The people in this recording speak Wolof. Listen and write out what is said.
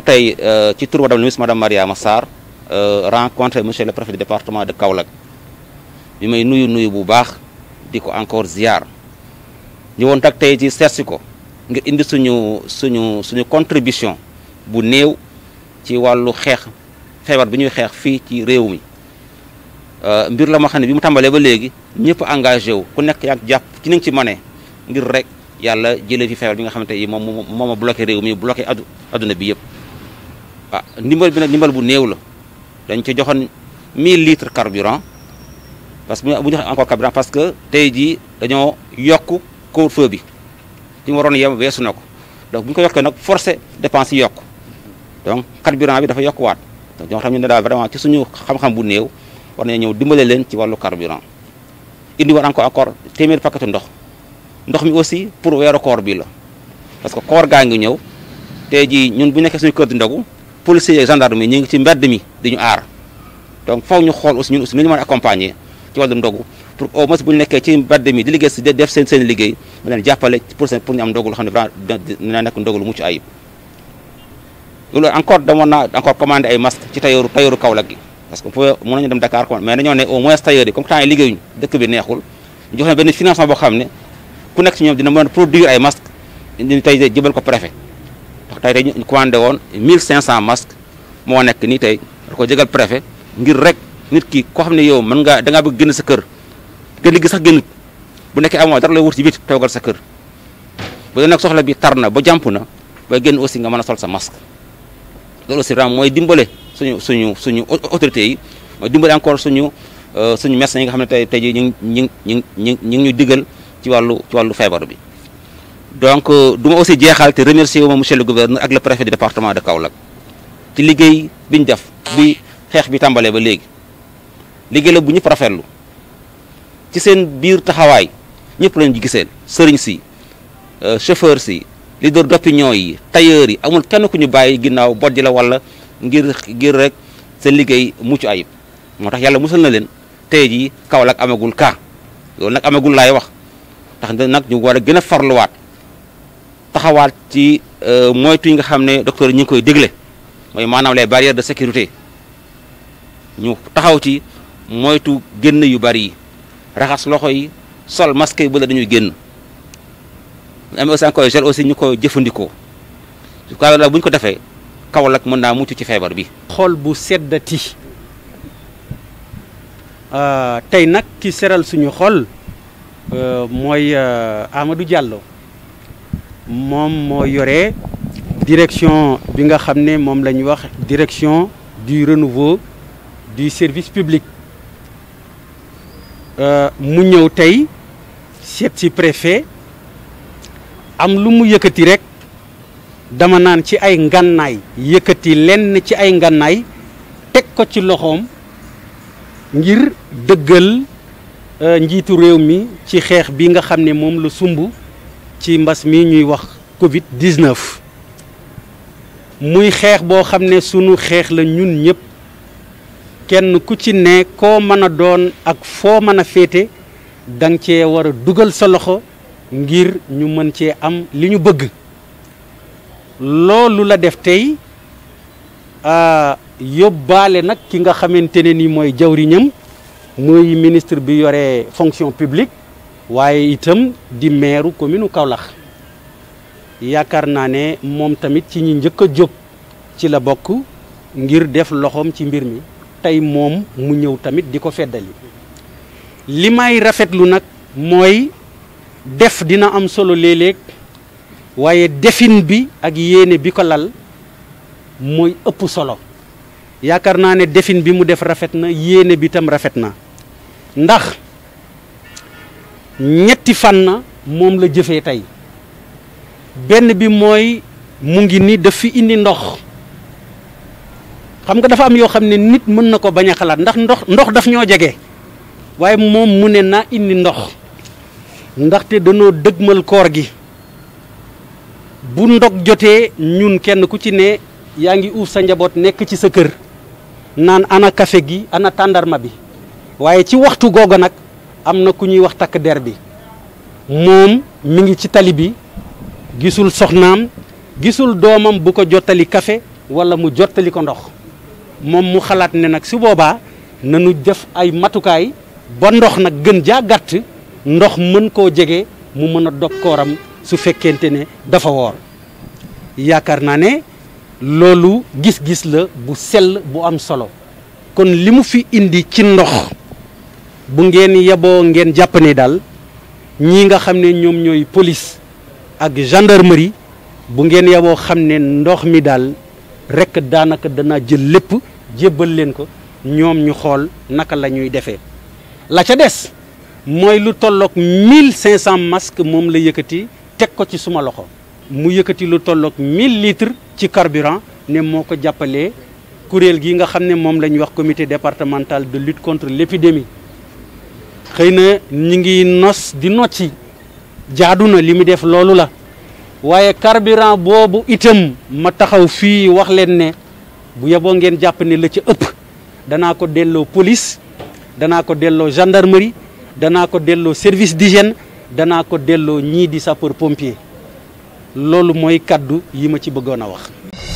defoon tey euh, ci tur madame la ministre madame Mariama Sarr euh, rencontré monsieur le préfet département de Kaolack bi may nuyu nuyu bu baax di ko encore ziar ñëwoon tak tey ci seetsi ko ngir indi suñu suñu suñu contribution bu néew ci wàllu xeex feebar bi ñuy xeex fii ci réew mi euh, mbir la ma xam ne bi mu tàmbalee ba léegi ñëpp engagé wu ku nekk yaa jàpp ci nañ ci mane ngir rek yàlla jëlee fi feebar bi nga xamante yi moom moom a bloqué réew mi bloqué aduna bi yëpp ndimbal bi nak ndimbal bu neew la dañ ci joxon 1000 litres carburant parce que bu ñu encore carburant parce que tay ji dañoo yok ko feu bi ci waron yam wessu nako donc buñ ko yokkee nak forcer dépense yok donc carburant bi dafa yok yokkuwaat donc ñoo xam ne daal vraiment ci suñu xam-xam bu neew war na ñew dimbalé leen ci walu carburant indi war encore encore témer paquet ndox ndox mi aussi pour wéro koor bi la parce que koor gaangi ñew tay ji ñun bu nekk suñu kër di ndogu policiers yeeg gendarme ngi ci mbedd mi di ñu aar donc faw ñu xool aussi ñun aussi nu ñu mën a accompagner ci wàllum ndogu pour au moins bu ñu nekkee ci mbedd mi di liggéey si def seen seen liggéey mu leen jàppale pour pour ñu am ndogu loo xam ne vraiment dina nekk ndogu lu mucc ayib. loolu encore demoon naa encore commandé ay masques ci tailleur tailleur Kaolack gi parce nañu dem Dakar mais dañoo ne au moins tailleur yi comme temps dëkk bi neexul ñu jox leen benn financement boo xam ne ku nekk ci ñoom dina mën a produire ay masques ñu tey jëbal ko préfet tay tay ñu commandé won 1500 masques mo nek ni tay ko jégal préfet ngir rek nit ki ko xamné yow man nga da nga bëgg génn sa kër te gi sax génnut bu nekkee amo dara lay wurt ci bit togal sa kër bu dee soxla bi tarna ba jàmp na ba gën aussi nga mëna sol sa masque loolu ci ram moy dimbalé suñu suñu suñu autorité yi mooy dimbalé encore suñu euh, suñu médecins yi nga xamné tay tay tey ñu ngi ñu ngi ñu ngi ci walu ci walu fièvre bi donc euh, du ma aussi jeexal te remercier wu ma monsieur le gouverneur ak le préfet du département de Kaolack ci liggéey bi ñu def bi xeex bi tàmbalee ba léegi liggéey la bu ñëpp rafetlu ci seen biir taxawaay ñëpp lañu giseen sëriñ si euh, chauffeur si leader d'opinion yi tailleur yi amul kenn ku ñu bàyyi ginnaaw bojj la wala ngir ngir rek seen liggéey mucc ayib moo tax yàlla musal na leen tey jii Kaolack amagul kaa loolu nag amagul laay wax tax nag ñu war a gën a farluwaat. taxawaat ci euh, moytu yi nga xam ne docteur ñu ngi koy dégle mooy maanaam les barrières de sécurité ñu taxaw ci moytu génn yu bari raxas loxo yi sol masque yi bu la dañuy génn am aussi encore gel aussi ñu ko jëfandikoo kaa ko la bu ñu ko defee Kaolack mën naa mucc ci feebar bi. xol bu seddati euh, tey nag ki seral suñu xol euh, mooy Amadou jàlloo mom mo yoré direction bi nga xamné mom la wax direction du renouveau du service public euh, mu ñëw tay seet ci préfet am lu mu yëkëti rek dama naan ci ay ngannaay yëkëti lenn ci ay ngannaay tek ko ci loxom ngir euh, réew mi ci xex bi nga xamné mom lu sumbu ci mbas mi ñuy wax Covid 19 muy xeex boo xam ne sunu xeex la ñun ñëpp kenn ku ci ne koo mën a doon ak foo mën a féete da cee war a dugal sa loxo ngir ñu mën cee am li ñu bëgg loolu la def tey yóbbaale nag ki nga xamante ne ni mooy jawriñam muy ministre bi yore fonction publique. waaye itam di meeru commune Kaolack yaakaar naa ne moom tamit ci ñi njëkk a jóg ci la bokk ngir def loxoom ci mbir mi tey moom mu ñëw tamit di ko feddali li may rafetlu nag mooy def dina am solo léeg waaye defin bi ak yéene bi ko lal mooy ëpp solo yaakaar naa ne defin bi mu def rafet na yéene bi tam rafet na ndax ñetti fan na moom la jëfee tey benn bi mooy mu ngi ni daf fi indi ndox xam nga dafa am yoo xam ne nit mën na ko bañ a xalaat ndax ndox ndox daf ñoo jege waaye moom mu ne naa indi ndox ndaxte danoo dëgmal koor gi bu ndog jotee ñun kenn ku ci ne yaa ngi uuf sa njaboot nekk ci sa kër naan ana café gi ana tàndarma bi waaye ci waxtu googu nag am na ku ñuy wax takk der bi moom mi ngi ci tali bi gisul soxnaam gisul doomam bu ko jottali kafe walla mu jottali ko ndox moom mu xalaat ne nag su boobaa nanu def ay matukaay ba ndox nag gën jaa gàtt ndox mën koo jege mu mën a dog su fekkente ne dafa woor yaakaar naa ne loolu gis-gis la bu sell bu am solo kon li mu fi indi ci ndox bu ngeen yabo ngeen japp ni dal ñi nga xamne ñom ñoy police ak gendarmerie bu ngeen yabo xamne ndox mi dal rek daanaka dana jël lepp jébal leen ko ñom ñu xol naka lañuy défé la ca dess moy lu tolloog 1500 masque mom la yëkëti tek ko ci suma loxo mu yëkëti lu 1000 litres ci carburant ne moko jappalé kurel gi nga xam mom lañ wax comité départemental de lutte contre l'épidémie xëy na ñu ngi nos di nocci jaadu na li mu def loolu la waaye carburant boobu itam ma taxaw fii wax leen ne bu yeboo ngeen jàpp ne la ci ëpp danaa ko delloo police danaa ko delloo gendarmerie danaa ko delloo service d'hygiène danaa ko delloo ñii di sapeur pompier loolu mooy kaddu yi ma ci bëggoon a wax